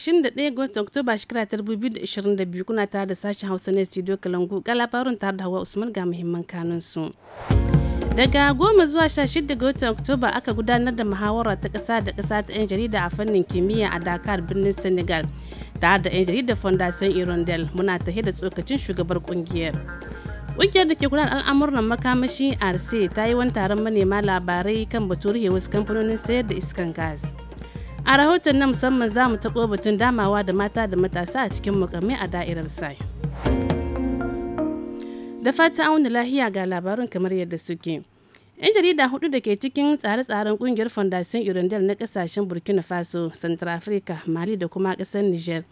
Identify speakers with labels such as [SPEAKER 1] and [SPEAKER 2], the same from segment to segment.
[SPEAKER 1] 21 ga watan Oktoba shekara ta 2022 kuna tare da sashen Hausa na Studio Kalangu ga labarin tare da Hawa Usman ga muhimman kanun su. Daga goma zuwa 16 ga watan Oktoba aka gudanar da muhawara ta ƙasa da ƙasa ta 'yan jarida a fannin kimiyya a Dakar birnin Senegal tare da 'yan jarida Fondation Irondel muna tahe da tsokacin shugabar ƙungiyar. Ƙungiyar da ke kula da al'amuran makamashi RC ta yi wani taron manema labarai kan batun wasu kamfanonin sayar da iskan gas. a rahoton na musamman za mu taɓo batun damawa da mata da matasa a cikin mukamai a da'irar sai da fata auna lahiya ga labarin kamar yadda suke yan jarida hudu da ke cikin tsare-tsaren kungiyar fondation irundel na kasashen burkina faso central africa mali da kuma kasar niger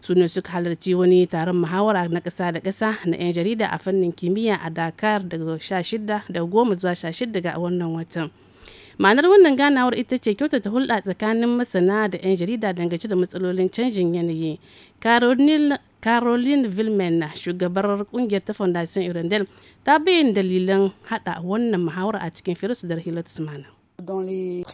[SPEAKER 1] su ne suka halarci wani taron muhawara na ƙasa da kasa. na 'yan jarida a fannin kimiyya a dakar daga da goma zuwa 16 ga wannan watan. ma'anar wannan ganawar ita ce kyautata hulɗa tsakanin masana da 'yan jarida dangance da matsalolin canjin yanayi caroline vilmen shugabar kungiyar ta foundation irandel ta bayyana dalilan haɗa wannan muhawara a cikin firisu da hilat sumana
[SPEAKER 2] dans les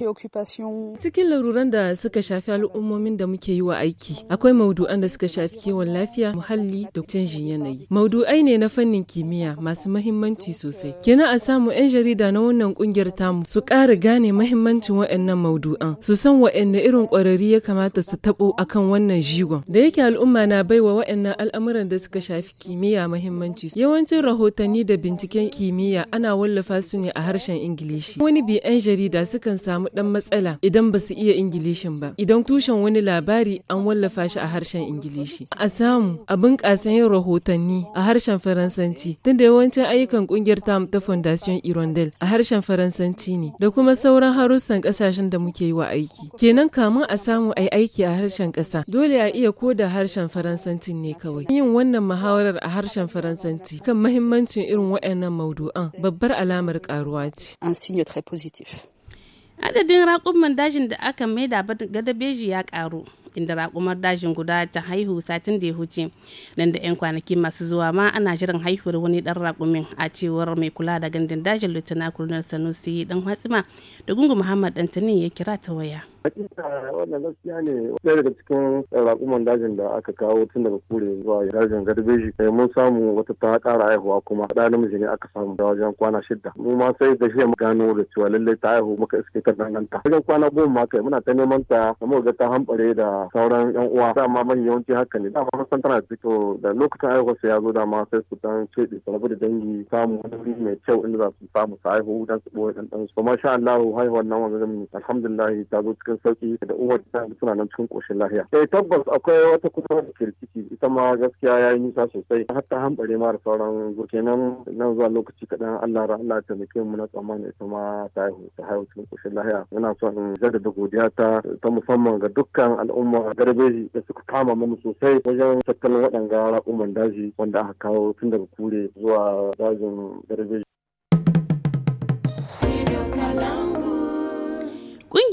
[SPEAKER 2] Cikin laruran da suka shafi al'ummomin da muke yi wa aiki, akwai maudu'an da suka shafi kiwon lafiya, muhalli da canjin yanayi. Maudu'ai ne na fannin kimiyya masu mahimmanci sosai. Kina a samu 'yan jarida na wannan kungiyar tamu su ƙara gane mahimmancin waɗannan maudu'an, su san waɗanne irin ƙwararri ya kamata su taɓo akan wannan jigon. Da yake al'umma na baiwa waɗannan al'amuran da suka shafi kimiyya mahimmanci. Yawancin rahotanni da binciken kimiyya ana wallafa su ne a harshen Ingilishi. Wani bi 'yan jarida sukan samu ɗan matsala idan ba su iya Ingilishin ba. Idan tushen wani labari an wallafa shi a harshen Ingilishi. A samu a bunƙasa yin rahotanni a harshen Faransanci tunda yawancin ayyukan ƙungiyar ta ta Fondation Irondel a harshen Faransanci ne da kuma sauran harussan ƙasashen da muke yi wa aiki. Kenan kamun a samu ai aiki a harshen ƙasa dole a iya ko da harshen Faransanci ne kawai. Yin wannan muhawarar a harshen Faransanci kan mahimmancin irin waɗannan maudu'an babbar alamar ƙaruwa ce.
[SPEAKER 1] adadin raƙuman dajin da aka maida gadabeji ya ƙaru inda raƙumar dajin guda ta haihu satin da ya huce nan da 'yan kwanaki masu zuwa ma ana jiran haihuwar wani ɗan raƙumin a cewar mai kula da gandun dajin lieutenant colonel sanusi dan hatsima da gungu muhammad dantani ya kira ta waya
[SPEAKER 3] Hakika wannan gaskiya ne ɗaya daga cikin raƙuman dajin da aka kawo tun daga kure zuwa dajin garbeji. Eh, mun samu wata ta ƙara haihuwa kuma ɗa namiji ne aka samu da wajen kwana shida. Mu ma sai da shi gano da cewa lallai ta haihu muka iske ta danganta. Wajen kwana goma kai muna ta neman ta kuma ga ta hambare da sauran yan uwa. Dama man yawanci haka ne dama san tana ciki da lokacin haihuwar sai ya zo dama sai su dan ceɗe su da dangi samu wani wuri mai kyau inda za su samu su haihu dan su ɓoye ɗan ɗan su. Kuma sha Allah haihuwar nan wanda alhamdulillah ta zo cikin cikin sauki da umar da suna nan cikin koshin lahiya eh tabbas akwai wata kuma da ciki ita ma gaskiya ya yi nisa sosai hatta hambare ma da sauran gurkenan nan zuwa lokaci kaɗan Allah ra Allah ta muke mu na tsammani ita ma ta haihu ta haihu cikin koshin lahiya ina son in jaddada godiya ta ta musamman ga dukkan al'umma garbeji da suka kama mu sosai wajen tattalin waɗanga raƙuman daji wanda aka kawo tun daga kure zuwa dajin garbeji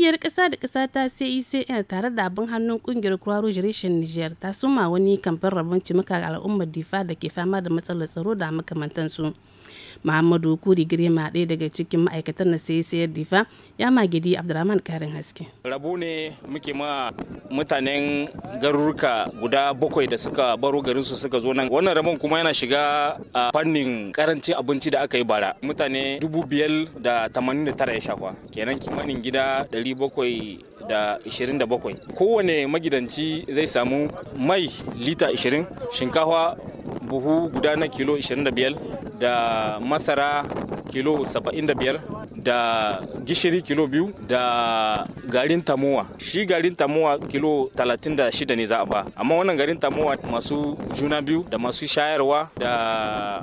[SPEAKER 1] kungiyar ƙasa da ƙasa ta CECR tare da abin hannun kungiyar Croix Rouge Reshen ta suma wani kamfan rabon cimaka ga al'ummar Difa da ke fama da matsalar tsaro da makamantansu. Muhammadu Kuri Girma ɗaya daga cikin ma'aikatan na CECR Difa ya magidi Abdulrahman Karin Haske.
[SPEAKER 4] Rabu ne muke ma mutanen garuruka guda bakwai da suka baro garin su suka zo nan. Wannan rabon kuma yana shiga a fannin karanci abinci da aka yi bara. Mutane dubu biyar da tamanin da tara ya shafa. Kenan kimanin gida ɗari 727 kowane magidanci zai samu mai lita 20 shinkafa buhu guda na kilo 25 da masara kilo biyar. da gishiri kilo biyu da garin tamuwa shi garin tamuwa kilo 36 ne za a ba amma wannan garin tamuwa masu juna biyu da masu shayarwa da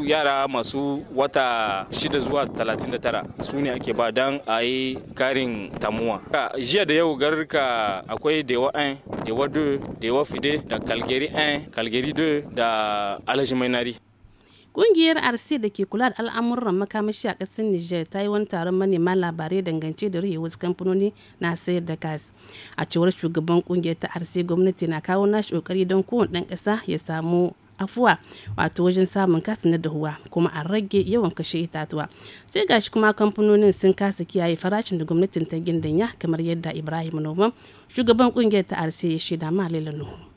[SPEAKER 4] yara masu wata shida zuwa 39 su ne ake ba don a yi karin tamuwa jiya da yau garka akwai dewa 1 dewa 2 dewa fide da kalgeri 1 kalgeri 2 da alhaji mainari
[SPEAKER 1] Ƙungiyar RC da ke kula da al'amuran makamashi a ƙasar Niger ta yi wani taron manema labarai dangance da rufe wasu kamfanoni na sayar da gas. A cewar shugaban kungiyar ta RC gwamnati na kawo nashi ƙoƙari don kowane ɗan ƙasa ya samu afuwa wato wajen samun kasa na dahuwa kuma a rage yawan kashe itatuwa sai gashi kuma kamfanonin sun kasa kiyaye farashin da gwamnatin ta gindanya kamar yadda ibrahim noman shugaban kungiyar ta rc ya shaida ma nuhu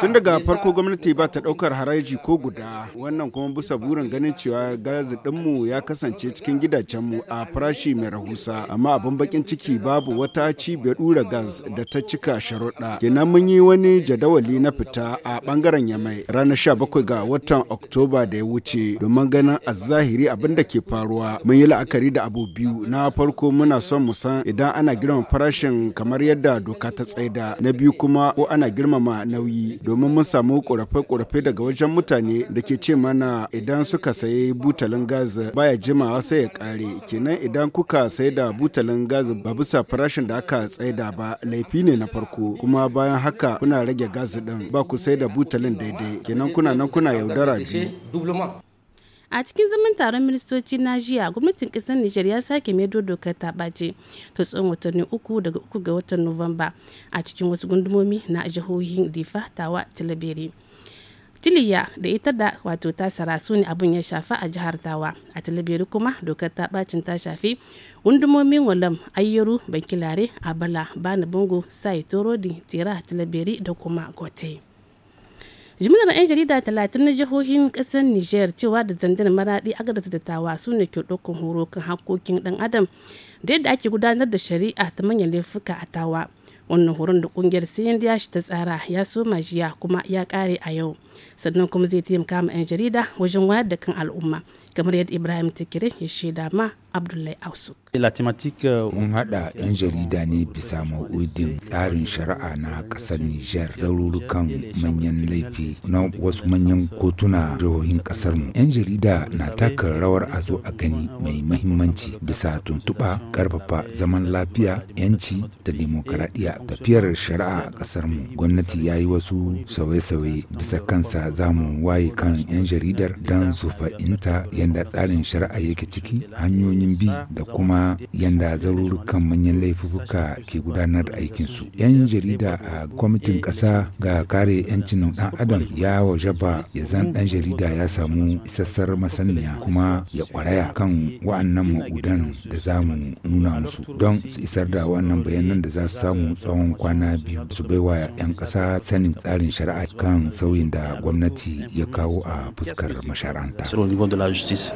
[SPEAKER 5] Tun daga farko gwamnati ba ta ɗaukar haraji ko guda wannan kuma bisa burin ganin cewa gazi ɗinmu ya kasance cikin gidajenmu a farashi mai rahusa amma abin bakin ciki babu wata cibiyar dura gas da ta cika sharuɗa. Kenan mun yi wani jadawali na fita a ɓangaren Yamai ranar bakwai ga watan Oktoba da ya wuce domin ganin a zahiri abin da ke faruwa mun yi la'akari da abu biyu na farko muna son mu san idan ana girmama farashin kamar yadda doka ta tsaida na biyu kuma ko ana girmama nauyi domin mun samu ƙorafe-ƙorafe daga wajen mutane da ke ce mana idan suka sayi butalin gas baya jimawa sai ya ƙare kenan idan kuka sayi da butalin gaz ba bisa farashin da aka tsaida ba laifi ne na farko kuma bayan haka kuna rage gaz din ba ku sai da butalin daidai kenan kuna nan kuna yaudara
[SPEAKER 1] biyu a cikin zaman taron ministoci na jiya gwamnatin kasar nijar ya sake maido dokar ta ɓace ta tsawon watanni uku daga uku ga watan nuwamba a cikin wasu gundumomi na jihohin difa tawa tilabere tiliya da ita da wato ta sarasu ne abin ya shafa a jihar tawa a talabiri kuma dokar ta bacin ta shafi gundumomin walam ayyaru bankilare abala bana bango sai torodi tira talabiri da kuma gote. jimillar 'yan jarida talatin na jihohin kasar niger cewa da zandar maradi agadas da tawa su ne ke horo kan hakokin dan adam da yadda ake gudanar da shari'a ta manyan laifuka a tawa wannan horon da kungiyar shi ta tsara ya soma jiya kuma ya kare a yau sannan kuma zai taimaka ma 'yan jarida wajen wayar da kan al'umma kamar yadda ibrahim tikirin ya shaida ma abdullahi ausu
[SPEAKER 6] eh, eh, mun haɗa 'yan jarida ne bisa ma'udin tsarin shari'a na ƙasar niger zarurukan manyan laifi na wasu manyan kotuna jihohin ƙasar mu 'yan jarida na taka rawar a a gani mai mahimmanci bisa tuntuɓa ƙarfafa zaman lafiya 'yanci da demokaradiyya tafiyar shari'a a ƙasar mu gwamnati ya yi wasu sauye-sauye bisa kansa za mu waye kan 'yan jaridar dan su fahimta yadda tsarin shari'a yake ciki hanyoyin bi da kuma yadda zarurukan manyan laifuka ke gudanar da aikinsu yan jarida a kwamitin ƙasa ga kare 'yancin ɗan adam ya wajaba ya zan ɗan jarida ya samu isassar masaniya kuma ya kwaraya kan wa'annan ma'udan da za mu nuna musu don su isar da wannan bayanan da za su samu tsawon kwana biyu su bai wa 'yan ƙasa sanin tsarin shari'a kan sauyin da gwamnati ya kawo a fuskar masharanta. Francis.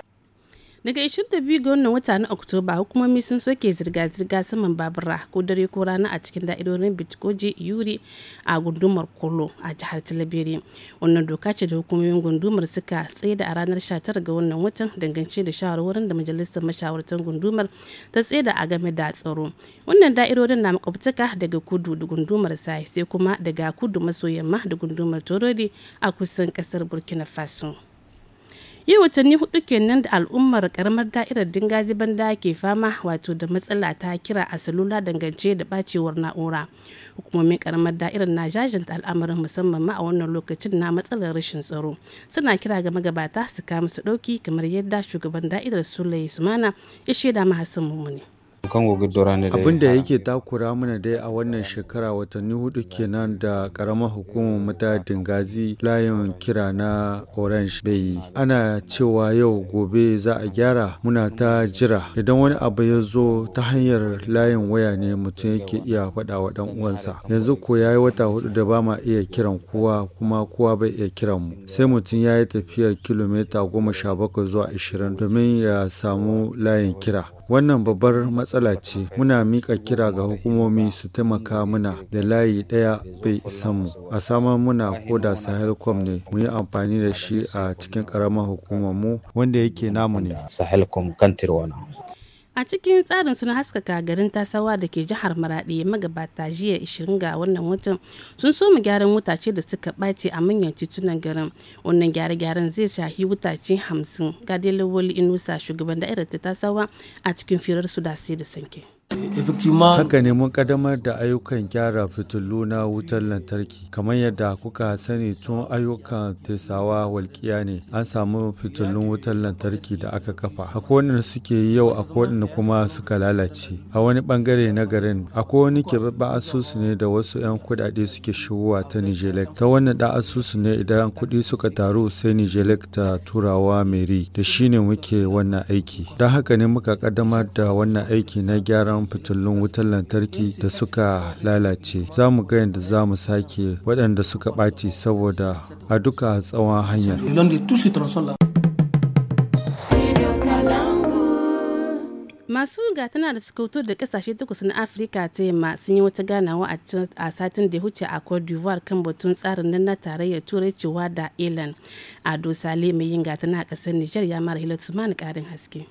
[SPEAKER 1] Daga 22 ga wannan wata na Oktoba hukumomi sun soke zirga-zirga saman babura ko dare ko rana a cikin da'irorin Bitkoji Yuri a gundumar Kolo a jihar Talabere. Wannan doka ce da hukumomin gundumar suka da a ranar 19 ga wannan watan dangance da shawarwarin da majalisar mashawartan gundumar ta da a game da tsaro. Wannan da'irorin na makwabtaka daga kudu da gundumar Sai sai kuma daga kudu maso yamma da gundumar Torodi a kusan kasar Burkina Faso. yi watanni hudu kenan da al'ummar karamar da'irar dingazi banda ke fama wato da matsala ta kira a salula dangance da bacewar na'ura hukumomin karamar da'irar na ta al'amarin musamman ma a wannan lokacin na matsalar rashin tsaro suna kira ga magabata su kama su dauki kamar yadda shugaban da'irar sulai sumana ya shaida ma hassan mummuni.
[SPEAKER 7] abin da yake takura mana dai a wannan shekara watanni hudu kenan da karamar hukumar mata dingazi layin kira na orange bai ana cewa yau gobe za a gyara muna ta jira idan wani abu ya zo ta hanyar layin waya ne mutum yake iya faɗa wa dan uwansa yanzu ko ya yi wata hudu da ba ma iya kiran kowa kuma kowa bai iya kiran mu sai mutum ya yi tafiyar kilomita goma sha bakwai zuwa ashirin domin ya samu layin kira Wannan babbar matsala ce. Muna mika kira ga hukumomi su taimaka muna da layi ɗaya bai san mu. A saman muna koda Sahelcom ne mu yi amfani da shi a cikin ƙaramar hukumar mu wanda yake namu
[SPEAKER 4] ne. kan Tirwana.
[SPEAKER 1] a cikin tsarin suna haskaka garin tasawa da ke jihar maraɗi magabata jiya 20 ga wannan watan sun soma gyaran wutace da suka ɓace a manyan titunan garin wannan gyare-gyaren zai shahi wutace 50 ga dalilin inusa shugaban da'irar ta tasawa a cikin firar su da sai da sanke.
[SPEAKER 7] Haka ne mun kaddamar da ayyukan gyara fitilu na wutar lantarki kamar yadda kuka sani tun ayyukan tesawa walƙiya ne an samu fitilun wutar lantarki da aka kafa. Akwai wanda suke yi yau akwai wanda kuma suka lalace. A wani bangare na garin akwai wani keɓaɓɓen asusu ne da wasu 'yan kuɗaɗe suke shigowa ta Nijelek. Ta wannan da asusu ne idan kuɗi suka taru sai Nijelek ta turawa Meri da shine muke wannan aiki. Don haka ne muka ƙaddamar da wannan aiki na gyaran fararen fitilun wutar lantarki da suka lalace za mu ga yadda za mu sake waɗanda suka ɓaci saboda a duka tsawon hanyar
[SPEAKER 1] masu gatana da suka fito da kasashe takwas na afirka ta yamma sun yi wata ganawa a satin da ya huce a cote d'ivoire kan batun tsarin nan na tarayyar turai cewa da elan ado sale mai yin gatana a kasar niger ya mara hilatu mani karin haske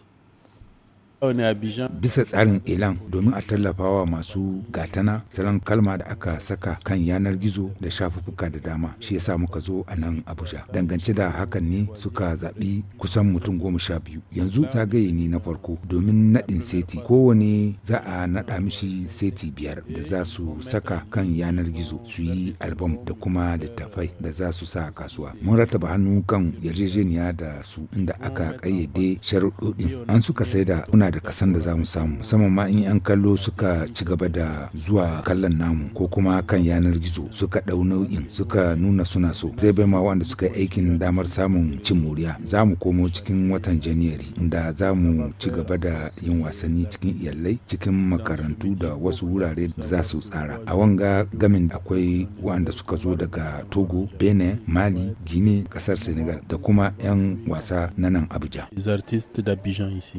[SPEAKER 6] Bisa tsarin Elan domin a tallafawa masu gatana salon kalma da aka saka kan yanar gizo da shafuffuka da dama shi yasa muka zo a nan Abuja. Dangance da hakan ne suka zaɓi kusan mutum goma sha biyu. Yanzu zagaye ne na farko domin naɗin seti kowane za a naɗa mishi seti biyar da za su saka kan yanar gizo su yi albam da kuma littafai da za su sa kasuwa. Mun rataba hannu kan yarjejeniya da su inda aka ƙayyade sharuɗoɗin an suka sai da da kasan da za mu samu musamman ma in 'yan kallo suka ci gaba da zuwa kallon namu ko kuma kan yanar gizo suka ɗau nau'in suka nuna suna so zai bai ma wanda suka yi aikin damar samun cin moriya za mu komo cikin watan janairu inda za mu ci gaba da yin wasanni cikin iyalai cikin makarantu da wasu wurare da za su tsara a wanga gamin da akwai wanda suka zo daga togo benin mali guinea kasar senegal da kuma 'yan wasa na nan abuja
[SPEAKER 5] les da d'abidjan ici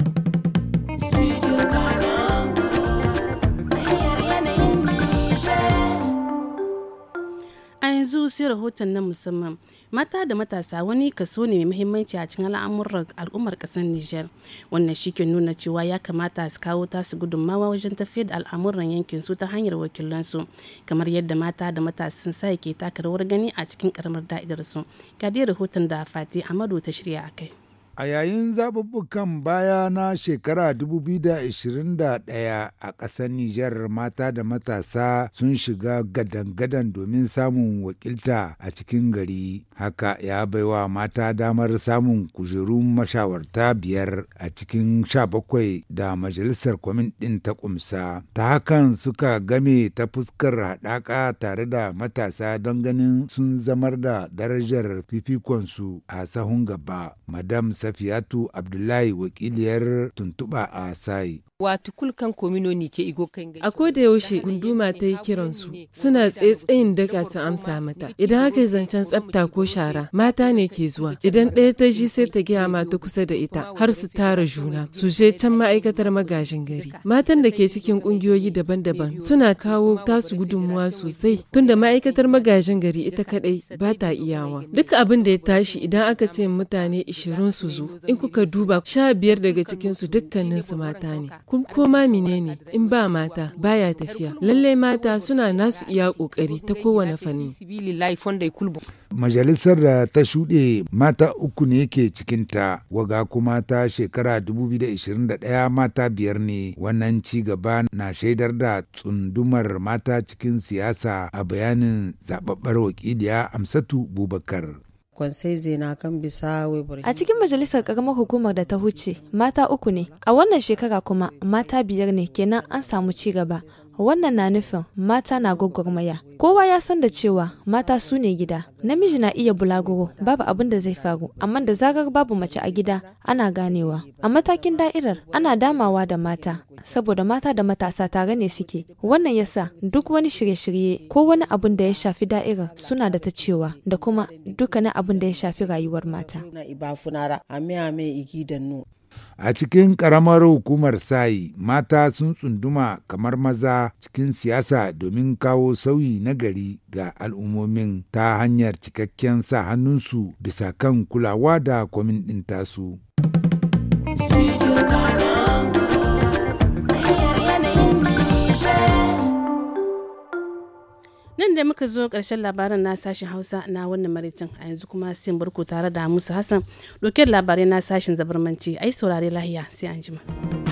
[SPEAKER 1] yanzu rahoton na musamman mata da matasa wani kaso ne mai muhimmanci a cikin al'amuran al'ummar kasar Nijar wannan shi ke nuna cewa ya kamata su kawo tasu gudunmawa wajen tafiyar da al'amuran yankin su ta hanyar wakilansu kamar yadda mata da matasan sa ke taka rawar gani a cikin karamar da'idar su ga rahoton da Fati Amadu ta shirya akai.
[SPEAKER 6] A yayin zaɓuɓɓukan baya na shekara 2021 a ƙasar Nijar mata da matasa sun shiga gadan-gadan domin samun wakilta a cikin gari. Haka ya baiwa mata damar samun kujerun mashawarta biyar a cikin sha bakwai da majalisar kwamin ɗin ta ƙumsa. Ta hakan suka game ta fuskar haɗaka tare da matasa don ganin sun zamar da darajar fifikonsu a sahun gaba. Madam Safiyatu Abdullahi wakiliyar tuntuɓa a Sai.
[SPEAKER 2] Wato kulkan kominoni ke igo kan A ko da yaushe gunduma ta yi kiran su suna tsaitsayin daka su amsa mata. Idan aka yi zancen tsafta ko shara mata ne ke zuwa. Idan ɗaya ta ji sai ta gaya mata kusa da ita har su tara juna su je can ma'aikatar magajin gari. Matan da ke cikin ƙungiyoyi daban-daban suna kawo tasu gudunmuwa sosai tunda ma'aikatar magajin gari ita kaɗai ba ta iyawa. duk abin da ya tashi idan aka ce mutane ishirin su zo in kuka duba sha biyar daga cikinsu dukkaninsu mata ne kuma koma menene in ba mata baya tafiya lallai mata suna nasu iya kokari ta kowane fanni
[SPEAKER 6] majalisar da ta shuɗe mata uku ne ke cikinta waga kuma ta shekara 2021 mata biyar ne wannan ci gaba na shaidar da tsundumar mata cikin siyasa a bayanin zababbar wakiliya amsatu bubakar
[SPEAKER 1] sai A cikin majalisar karamar hukumar da ta huce mata uku ne, a wannan shekara kuma mata biyar ne kenan an samu ci gaba Wannan na nufin mata na gwagwarmaya. Kowa ya san da cewa mata su ne gida. Namiji na iya bulaguro babu abin da zai faru, amma da zarar babu mace a gida ana ganewa. A matakin da'irar ana damawa da mata, saboda mata da matasa tare ne suke. Wannan yasa duk wani shirye-shirye ko wani abin da ya shafi da'irar suna da ta cewa da kuma dukkanin abin da ya shafi rayuwar mata.
[SPEAKER 6] A cikin ƙaramar hukumar Sai, mata sun tsunduma kamar maza cikin siyasa domin kawo sauyi na gari ga al'ummomin ta hanyar cikakken sa hannunsu bisa kan kulawa da kwamin ɗin tasu.
[SPEAKER 1] nan da muka zo karshen labaran na sashen hausa na wannan maricin a yanzu kuma sin barku tare da musu hassan dokar labarai na sashen zabarmanci ai saurari lahiya sai an jima.